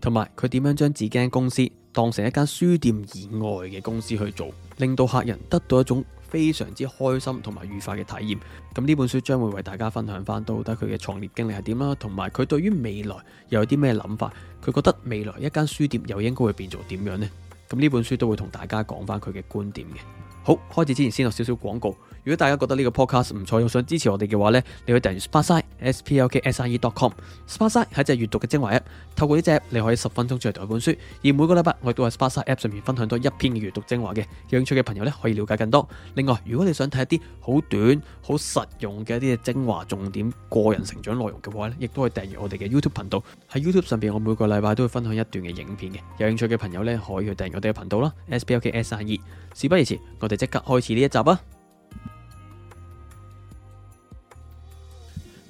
同埋佢點樣將自己間公司當成一間書店以外嘅公司去做，令到客人得到一種非常之開心同埋愉快嘅體驗。咁呢本書將會為大家分享返到底佢嘅創業經歷係點啦，同埋佢對於未來又有啲咩諗法？佢覺得未來一間書店又應該會變做點樣呢？咁呢本書都會同大家講返佢嘅觀點嘅。好，開始之前先有少少廣告。如果大家覺得呢個 podcast 唔錯，又想支持我哋嘅話呢，你可以訂閱 Spire、S P L K S I E dot com。Spire a s 係隻閱讀嘅精華 App，透過呢隻 App 你可以十分鐘就讀一本書。而每個禮拜我亦都喺 Spire App 上面分享多一篇嘅閱讀精華嘅。有興趣嘅朋友呢，可以了解更多。另外，如果你想睇一啲好短、好實用嘅一啲精華重點、個人成長內容嘅話呢，亦都可以訂閱我哋嘅 YouTube 頻道。喺 YouTube 上邊，我每個禮拜都會分享一段嘅影片嘅。有興趣嘅朋友呢，可以去訂閱我哋嘅頻道啦。S P L K S I E。事不宜遲，我哋。即刻開始呢一集啊！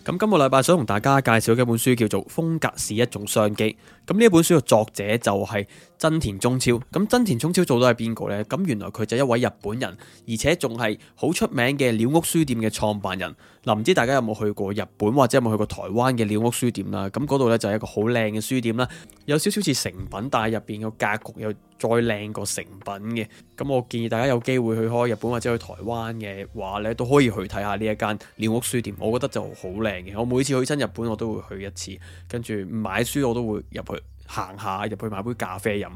咁今個禮拜想同大家介紹一本書，叫做《風格是一種商機》。咁呢本書嘅作者就係增田宗昭。咁增田宗昭做到係邊個呢？咁原來佢就一位日本人，而且仲係好出名嘅蔦屋書店嘅創辦人。嗱，唔知大家有冇去過日本或者有冇去過台灣嘅蔦屋書店啦？咁嗰度呢，就係一個好靚嘅書店啦，有少少似成品，但係入邊個格局又再靚過成品嘅。咁我建議大家有機會去開日本或者去台灣嘅話呢都可以去睇下呢一間蔦屋書店，我覺得就好靚。我每次去親日本，我都會去一次，跟住買書，我都會入去行下，入去買杯咖啡飲。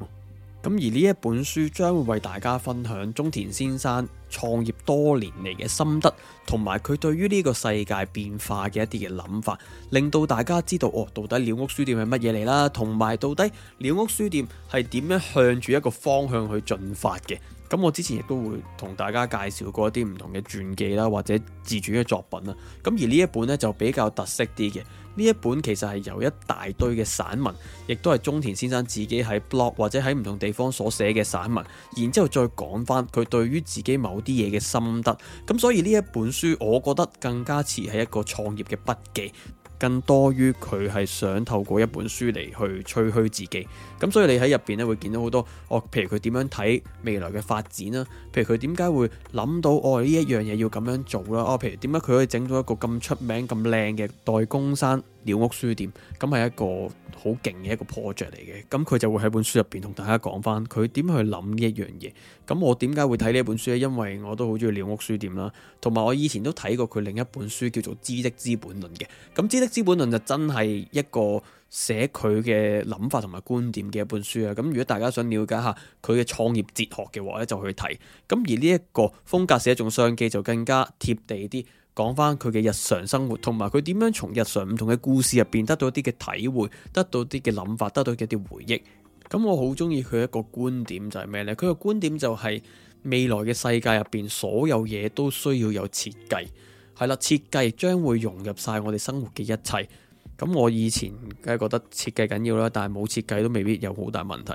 咁而呢一本書將會為大家分享中田先生創業多年嚟嘅心得，同埋佢對於呢個世界變化嘅一啲嘅諗法，令到大家知道哦，到底鳥屋書店係乜嘢嚟啦？同埋到底鳥屋書店係點樣向住一個方向去進發嘅？咁我之前亦都會同大家介紹過一啲唔同嘅傳記啦，或者自傳嘅作品啦。咁而呢一本呢，就比較特色啲嘅。呢一本其實係由一大堆嘅散文，亦都係中田先生自己喺 blog 或者喺唔同地方所寫嘅散文，然之後再講翻佢對於自己某啲嘢嘅心得。咁所以呢一本書，我覺得更加似係一個創業嘅筆記。更多於佢係想透過一本書嚟去吹噓自己，咁所以你喺入邊咧會見到好多哦，譬如佢點樣睇未來嘅發展啦，譬如佢點解會諗到哦呢一樣嘢要咁樣做啦。哦，譬如點解佢可以整到一個咁出名、咁靚嘅代工山？鳥屋書店咁係一個好勁嘅一個 project 嚟嘅，咁佢就會喺本書入面同大家講返佢點去諗呢一樣嘢。咁我點解會睇呢一本書呢？因為我都好中意鳥屋書店啦，同埋我以前都睇過佢另一本書叫做《知的資本論》嘅。咁《知的資本論》就真係一個寫佢嘅諗法同埋觀點嘅一本書啊。咁如果大家想了解下佢嘅創業哲學嘅話咧，就去睇。咁而呢一個風格係一種商機就更加貼地啲。講翻佢嘅日常生活，同埋佢點樣從日常唔同嘅故事入邊得到一啲嘅體會，得到一啲嘅諗法，得到一啲回憶。咁我好中意佢一個觀點就係咩呢？佢個觀點就係未來嘅世界入邊，所有嘢都需要有設計，係啦，設計將會融入晒我哋生活嘅一切。咁我以前梗係覺得設計緊要啦，但係冇設計都未必有好大問題。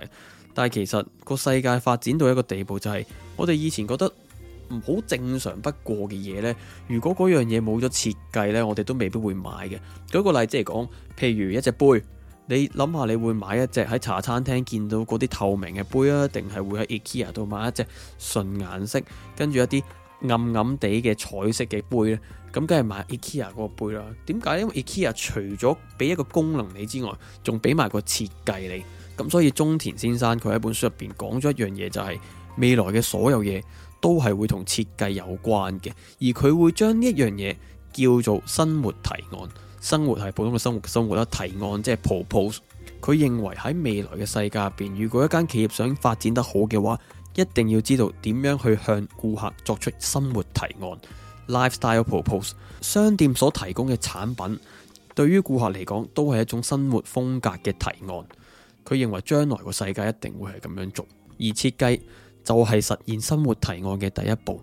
但係其實個世界發展到一個地步，就係我哋以前覺得。唔好正常不過嘅嘢呢，如果嗰樣嘢冇咗設計呢，我哋都未必會買嘅。舉個例子嚟講，譬如一隻杯，你諗下，你會買一隻喺茶餐廳見到嗰啲透明嘅杯啊，定係會喺 IKEA 度買一隻純顏色，跟住一啲暗暗地嘅彩色嘅杯呢？咁梗係買 IKEA 嗰個杯啦。點解？因為 IKEA 除咗俾一個功能你之外，仲俾埋個設計你。咁所以中田先生佢喺本書入邊講咗一樣嘢，就係未來嘅所有嘢。都係會同設計有關嘅，而佢會將呢一樣嘢叫做生活提案。生活係普通嘅生活，生活啦提案即係 p r o p o s e 佢認為喺未來嘅世界入邊，如果一間企業想發展得好嘅話，一定要知道點樣去向顧客作出生活提案 （lifestyle p r o p o s e 商店所提供嘅產品對於顧客嚟講都係一種生活風格嘅提案。佢認為將來個世界一定會係咁樣做，而設計。就係實現生活提案嘅第一步。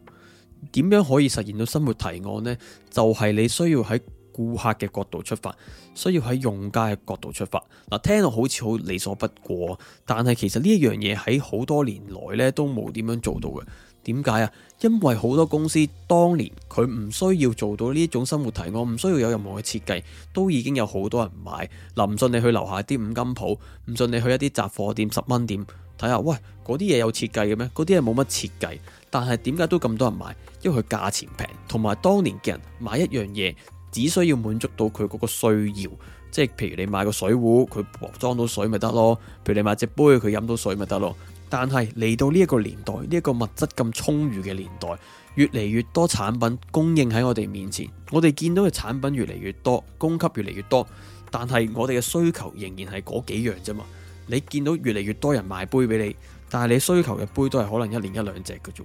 點樣可以實現到生活提案呢？就係你需要喺顧客嘅角度出發，需要喺用家嘅角度出發。嗱，聽到好似好理所不過，但係其實呢一樣嘢喺好多年來呢都冇點樣做到嘅。點解啊？因為好多公司當年佢唔需要做到呢種生活提案，唔需要有任何嘅設計，都已經有好多人買。嗱，唔信你去樓下啲五金鋪，唔信你去一啲雜貨店、十蚊店。睇下，喂，嗰啲嘢有設計嘅咩？嗰啲嘢冇乜設計，但係點解都咁多人買？因為佢價錢平，同埋當年嘅人買一樣嘢，只需要滿足到佢嗰個需要。即係譬如你買個水壺，佢裝到水咪得咯；譬如你買隻杯，佢飲到水咪得咯。但係嚟到呢一個年代，呢一個物質咁充裕嘅年代，越嚟越多產品供應喺我哋面前，我哋見到嘅產品越嚟越多，供給越嚟越多，但係我哋嘅需求仍然係嗰幾樣啫嘛。你見到越嚟越多人賣杯俾你，但係你需求嘅杯都係可能一年一兩隻嘅啫。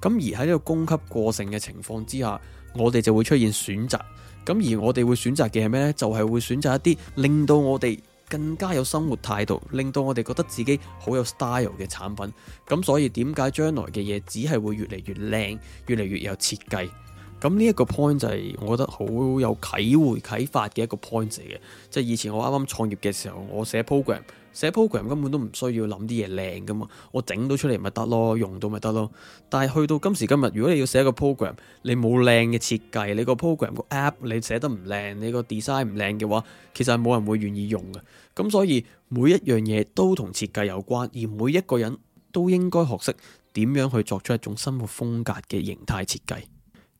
咁而喺呢個供給過剩嘅情況之下，我哋就會出現選擇。咁而我哋會選擇嘅係咩呢？就係會選擇一啲令到我哋更加有生活態度，令到我哋覺得自己好有 style 嘅產品。咁所以點解將來嘅嘢只係會越嚟越靚，越嚟越有設計？咁呢一個 point 就係我覺得好有體會啟發嘅一個 point 嚟嘅。即係以前我啱啱創業嘅時候，我寫 program。寫 program 根本都唔需要諗啲嘢靚噶嘛，我整到出嚟咪得咯，用到咪得咯。但係去到今時今日，如果你要寫一個 program，你冇靚嘅設計，你個 program 個 app 你寫得唔靚，你個 design 唔靚嘅話，其實係冇人會願意用嘅。咁所以每一樣嘢都同設計有關，而每一個人都應該學識點樣去作出一種生活風格嘅形態設計。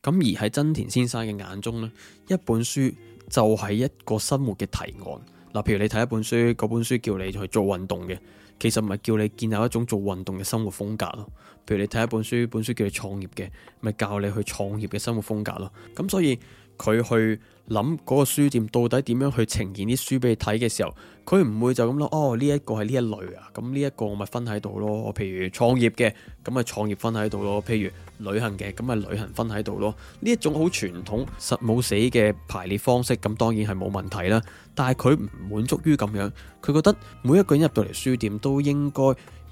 咁而喺真田先生嘅眼中咧，一本書就係一個生活嘅提案。嗱，譬如你睇一本書，嗰本書叫你去做運動嘅，其實唔係叫你建立一種做運動嘅生活風格咯。譬如你睇一本書，本書叫你創業嘅，咪教你去創業嘅生活風格咯。咁所以。佢去諗嗰個書店到底點樣去呈現啲書俾你睇嘅時候，佢唔會就咁諗：「哦，呢一個係呢一類啊，咁呢一個我咪分喺度咯。譬如創業嘅，咁咪創業分喺度咯，譬如旅行嘅，咁咪旅行分喺度咯。呢一種好傳統實冇死嘅排列方式，咁當然係冇問題啦。但係佢唔滿足於咁樣，佢覺得每一個人入到嚟書店都應該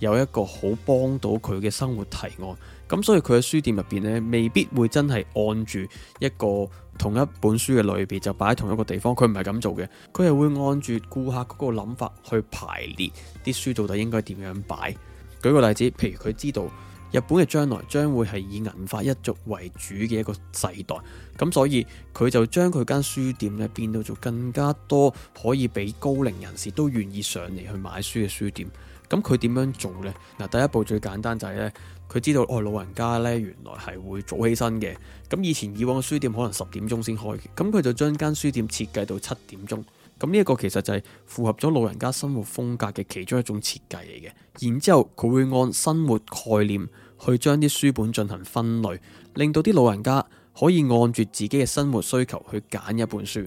有一個好幫到佢嘅生活提案。咁所以佢喺書店入邊呢，未必會真係按住一個。同一本書嘅類別就擺喺同一個地方，佢唔係咁做嘅，佢係會按住顧客嗰個諗法去排列啲書到底應該點樣擺。舉個例子，譬如佢知道日本嘅將來將會係以銀髮一族為主嘅一個世代，咁所以佢就將佢間書店咧變到做更加多可以俾高齡人士都願意上嚟去買書嘅書店。咁佢點樣做呢？嗱，第一步最簡單就係呢，佢知道哦老人家呢，原來係會早起身嘅。咁以前以往嘅書店可能十點鐘先開，咁佢就將間書店設計到七點鐘。咁呢一個其實就係符合咗老人家生活風格嘅其中一種設計嚟嘅。然之後佢會按生活概念去將啲書本進行分類，令到啲老人家可以按住自己嘅生活需求去揀一本書，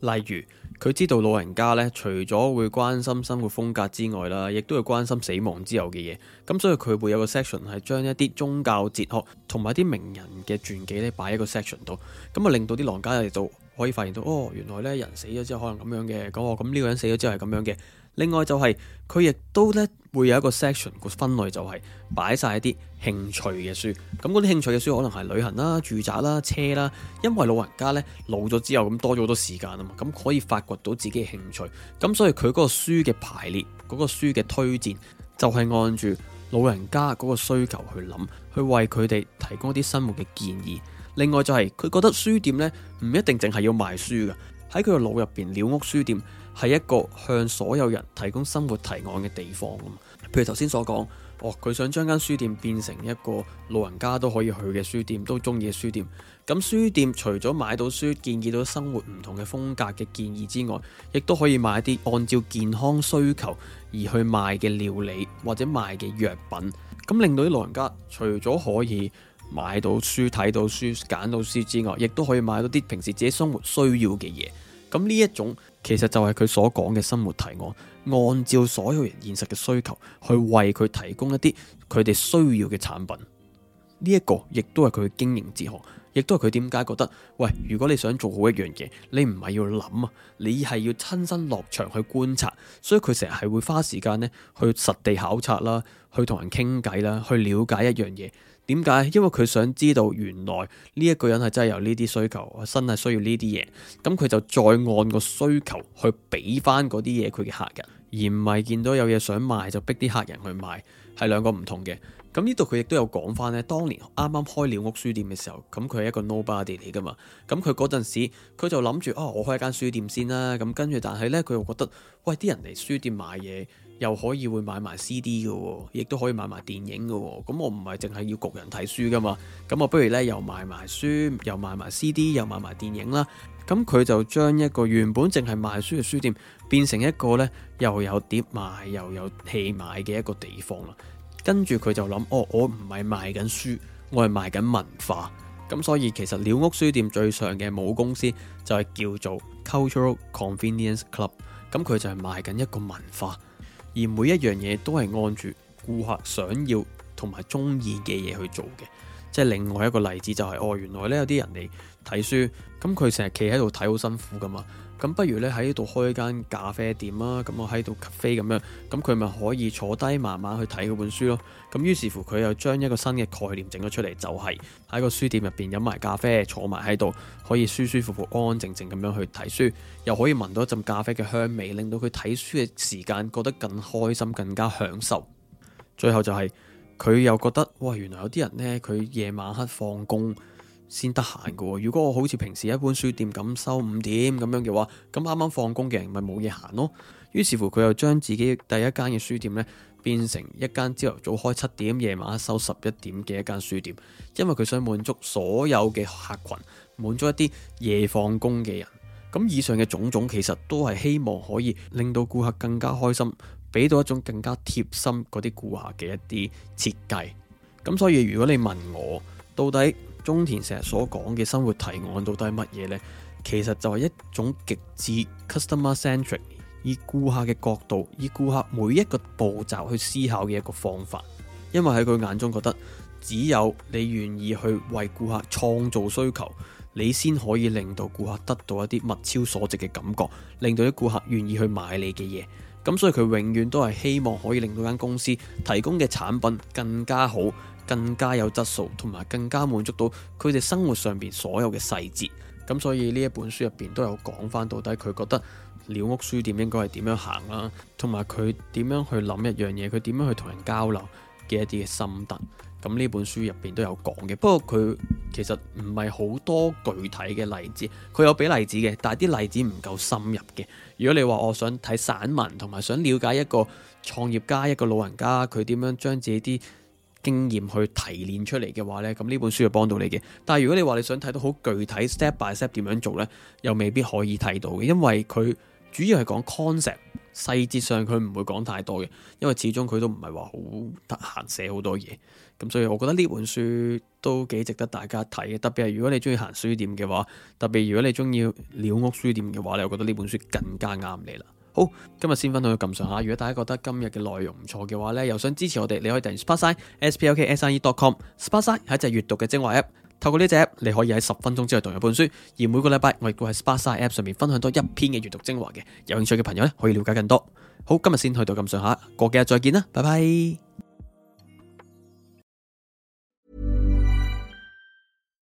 例如。佢知道老人家呢，除咗會關心生活風格之外啦，亦都會關心死亡之後嘅嘢。咁所以佢會有個 section 係將一啲宗教哲學同埋啲名人嘅傳記呢擺喺個 section 度。咁啊，令到啲老人家嚟到可以發現到，哦，原來呢人死咗之後可能咁樣嘅，咁我咁呢個人死咗之後係咁樣嘅。另外就係、是、佢亦都咧會有一個 section 個分類，就係擺晒一啲興趣嘅書。咁嗰啲興趣嘅書可能係旅行啦、住宅啦、車啦。因為老人家咧老咗之後咁多咗好多時間啊嘛，咁可以發掘到自己嘅興趣。咁所以佢嗰個書嘅排列、嗰、那個書嘅推薦，就係、是、按住老人家嗰個需求去諗，去為佢哋提供一啲生活嘅建議。另外就係、是、佢覺得書店咧唔一定淨係要賣書嘅，喺佢個腦入邊，鳥屋書店，係一個向所有人提供生活提案嘅地方。譬如頭先所講，哦，佢想將間書店變成一個老人家都可以去嘅書店，都中意嘅書店。咁書店除咗買到書、建議到生活唔同嘅風格嘅建議之外，亦都可以買一啲按照健康需求而去賣嘅料理或者賣嘅藥品。咁令到啲老人家除咗可以買到書、睇到書、揀到書之外，亦都可以買到啲平時自己生活需要嘅嘢。咁呢一種其實就係佢所講嘅生活提案，按照所有人現實嘅需求，去為佢提供一啲佢哋需要嘅產品。呢一個亦都係佢嘅經營哲學。亦都係佢點解覺得，喂，如果你想做好一樣嘢，你唔係要諗啊，你係要親身落場去觀察，所以佢成日係會花時間呢，去實地考察啦，去同人傾偈啦，去了解一樣嘢。點解？因為佢想知道原來呢一個人係真係有呢啲需求，真係需要呢啲嘢。咁佢就再按個需求去俾翻嗰啲嘢佢嘅客人，而唔係見到有嘢想賣就逼啲客人去賣。係兩個唔同嘅，咁呢度佢亦都有講翻呢，當年啱啱開了屋書店嘅時候，咁佢係一個 nobody 嚟噶嘛，咁佢嗰陣時佢就諗住啊，我開間書店先啦。咁跟住，但係呢，佢又覺得，喂，啲人嚟書店買嘢又可以會買埋 CD 嘅喎，亦都可以買埋電影嘅喎。咁我唔係淨係要焗人睇書噶嘛，咁我不如呢，又賣埋書，又賣埋 CD，又賣埋電影啦。咁佢就將一個原本淨係賣書嘅書店。變成一個咧又有碟賣又有戲賣嘅一個地方啦。跟住佢就諗，哦，我唔係賣緊書，我係賣緊文化。咁所以其實鳥屋書店最上嘅母公司就係叫做 Cultural Convenience Club。咁佢就係賣緊一個文化，而每一樣嘢都係按住顧客想要同埋中意嘅嘢去做嘅。即係另外一個例子就係，哦，原來咧有啲人嚟睇書，咁佢成日企喺度睇，好辛苦噶嘛。咁不如咧喺度開一間咖啡店啦，咁我喺度咖啡咁樣，咁佢咪可以坐低慢慢去睇嗰本書咯。咁於是乎佢又將一個新嘅概念整咗出嚟，就係喺個書店入面飲埋咖啡，坐埋喺度可以舒舒服服、安安靜靜咁樣去睇書，又可以聞到一陣咖啡嘅香味，令到佢睇書嘅時間覺得更開心、更加享受。最後就係佢又覺得，哇！原來有啲人呢，佢夜晚黑放工。先得閒㗎喎。如果我好似平時一般書店咁收五點咁樣嘅話，咁啱啱放工嘅人咪冇嘢行咯。於是乎佢又將自己第一間嘅書店呢變成一間朝頭早開七點，夜晚收十一點嘅一間書店，因為佢想滿足所有嘅客群，滿足一啲夜放工嘅人。咁以上嘅種種其實都係希望可以令到顧客更加開心，俾到一種更加貼心嗰啲顧客嘅一啲設計。咁所以如果你問我到底，中田成日所講嘅生活提案到底係乜嘢呢？其實就係一種極致 customer-centric，以顧客嘅角度，以顧客每一個步驟去思考嘅一個方法。因為喺佢眼中覺得，只有你願意去為顧客創造需求，你先可以令到顧客得到一啲物超所值嘅感覺，令到啲顧客願意去買你嘅嘢。咁所以佢永遠都係希望可以令到間公司提供嘅產品更加好。更加有質素，同埋更加滿足到佢哋生活上邊所有嘅細節。咁所以呢一本書入邊都有講翻，到底佢覺得鳥屋書店應該係點樣行啦，同埋佢點樣去諗一樣嘢，佢點樣去同人交流嘅一啲嘅心得。咁呢本書入邊都有講嘅，不過佢其實唔係好多具體嘅例子，佢有俾例子嘅，但係啲例子唔夠深入嘅。如果你話我想睇散文，同埋想了解一個創業家、一個老人家佢點樣將自己啲，經驗去提煉出嚟嘅話呢，咁呢本書就幫到你嘅。但係如果你話你想睇到好具體 step by step 點樣做呢，又未必可以睇到嘅，因為佢主要係講 concept，細節上佢唔會講太多嘅，因為始終佢都唔係話好得閒寫好多嘢。咁所以我覺得呢本書都幾值得大家睇嘅，特別係如果你中意行書店嘅話，特別如果你中意鳥屋書店嘅話，你覺得呢本書更加啱你啦。好，今日先分享到咁上下。如果大家覺得今日嘅內容唔錯嘅話咧，又想支持我哋，你可以訂閱 s p a s i f y SPLK、SRI.com、s p a s i f y 係一隻閱讀嘅精華 App。透過呢隻 App，你可以喺十分鐘之內讀完一本書。而每個禮拜我亦會喺 s p a s i f y App 上面分享多一篇嘅閱讀精華嘅。有興趣嘅朋友咧，可以了解更多。好，今日先去到咁上下，過幾日再見啦，拜拜。